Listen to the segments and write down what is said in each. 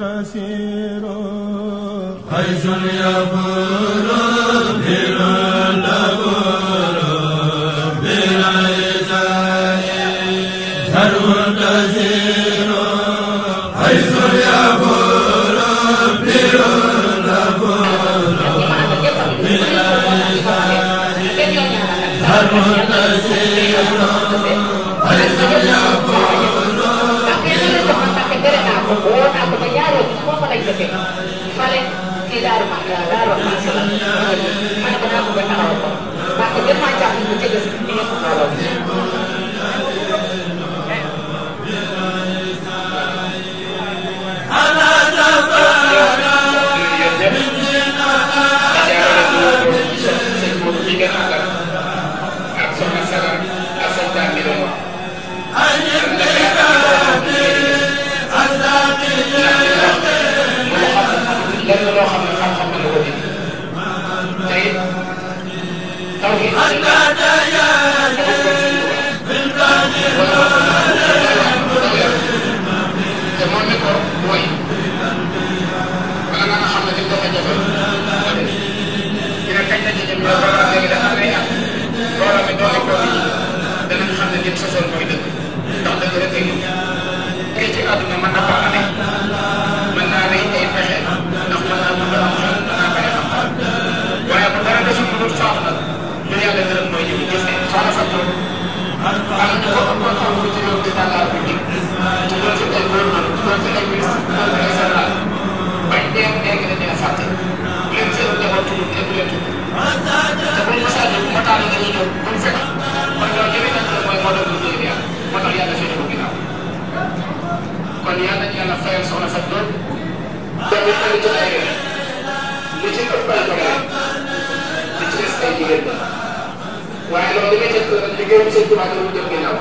قصير عيش يفور بلا دبر بلا عزاء ثرو كثير عيش يفور بلا دبر بلا عزاء ثرو كثير عيش يفور jotee fale kii daal ma daal ma ma ne ko naa ko ba taxawal ko parce que jàpp ni bu jege si la lim sosoon mooy dëgg ndax dëgg rek ay ngi ci àdduna mën na ko amee ñaari jotaay li ci ëpp ay dogal li ci des ay jigéen la waaye loolu li may jëkk liggéeyam seen tubaab yi mu jëm ginnaaw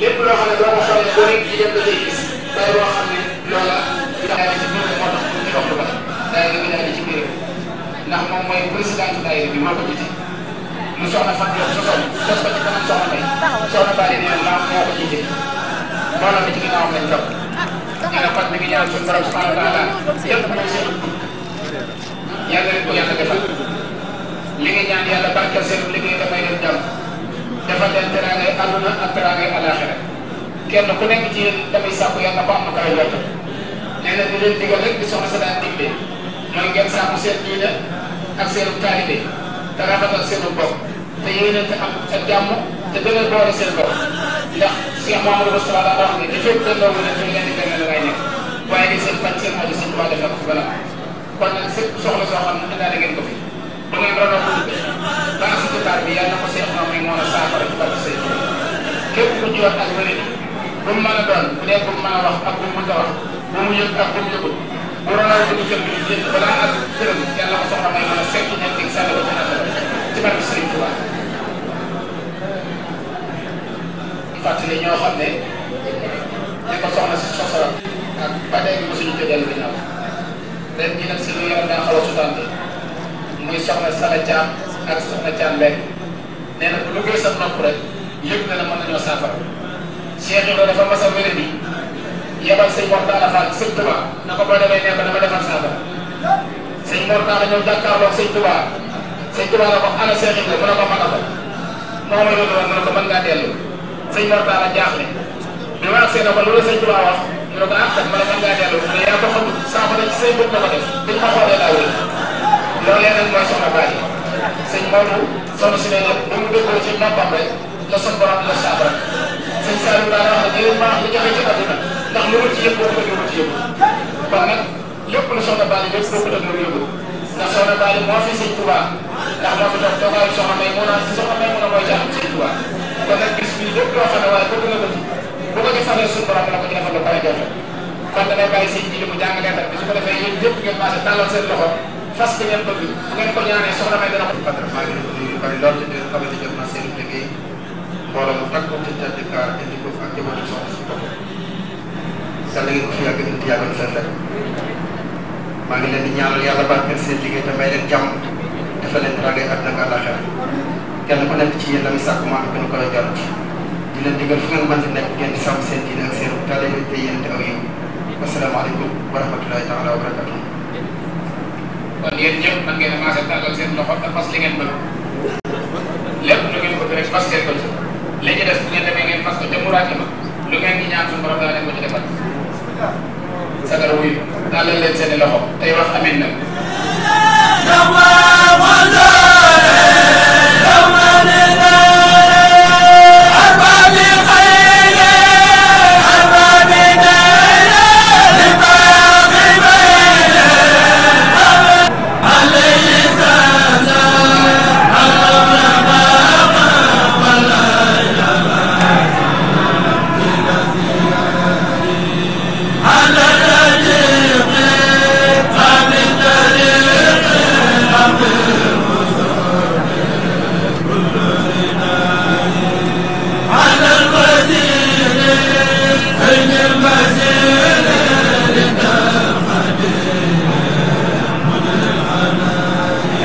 lépp loo xam ne doo ko xam ne boo nekk jigéen da cay gis day loo xam ne loola daay ci biir moo tax ñu dox ba daay nga daal di ci biir ndax moom mooy président daayira bi moo ko jiite mu soxna fan yow sa soxna sos ko ci kanam soxna tey soxna bàyyi nee na maa moo ko jiite loolu la ci ginnaawam lañ topp dana fas mi ngi ñaan suñu borom subhanahu wa taala yàlla leen ko yàlla defal li nga ñaan yàlla barkeel seen liggéey dafay leen ak teraangay alaxira kenn ku nekk am na koy jot nee na di leen digal rek di soxla sa daan digle mooy ngeen sàkku te rafetal te yéen te a boole seen bopp fi leen waaye di seen faj seen aju seen waa defee ko fi balaa kon nag fépp soxla soo xam ne daal ngeen ko fi bu ngeen doon wax dëgg baax si départ bi na ko ku jiwaat ak wële bu mu a doon bu dee bu mu mën a wax ak bu mu mën a bu mu yëg ak bu mu yëgul bu ronal kër gi jënd balaa ak këram yàlla ko soxla may mën a seetlu ñetti sànni ko ci barke ñoo xam ne dellu ginnaaw ren ñi nag si lu yaram daa xaw a sutante muy soxna Sala Thiam ak soxna Thiam Mbengue nee na sa nopp rek yëpp nga ne mën nañoo saafara Cheikh Ibrahima dafa mas a wéré bi yebal sëñ Mor Talla Fall sëñ Touba na ko boo demee nee ko dama defal saafara sëñ Mor Talla ñëw jàkkaarloo sëñ Touba sëñ Touba la ko ana Cheikh Ibrahima mu ne ko mën a ko moo ma yóbbu woon mu ne ko mën ngaa dellu sëñ bi ma agsee na ñu ne ko ah man man ngaa delloo mais yaa ko xamul saafara ci say bët la def biñ ko xoolee laa wér loolee nag mooy soxna Baye sëñ Maodo soxna si ne nag ba mu déggoo ci noppam rek la son borom la saafara sëñ Saliou daa wax ne yéen maa ngi jafe ci àdduna ndax lu ma ci yëpp ko ci yëpp kon nag lépp lu soxna Baye ko def lu moo fi sëñ Touba ndax moo fi dox toogaayu soxna May moo naan soxna May mu ne mooy jaaxam sëñ Touba kon nag bis bi lépp loo xam ne waaye bëgg na joxe kon damay bàyyi sëñ bi di mu jàng leetar bi ko defee yéen ñëpp ngeen maase tàllal seen loxo fas ki ngeen bëgg ko ñaanee soxna may dana ko patremat gi yu seen liggéey mbooloo mu takk ci tëddikaar indi ko seen maa ngi leen di ñaanal yàlla barkeel seen liggéey te may leen jàmm dafa leen ràggee ak nag àllaxira kenn ku nekk ci yéen la muy sàkk maa ngi gën a koy jarut di leen digal fu ngeen mën di nekk ngeen di sàmm seen diine ak seen te yéen aw yow asalaamaaleykum wa taala wa barakatuh kon yéen ñëpp mën ngeen a loxo te fas li ngeen lu ngeen bëgg rek fas ngeen ko ci li ñu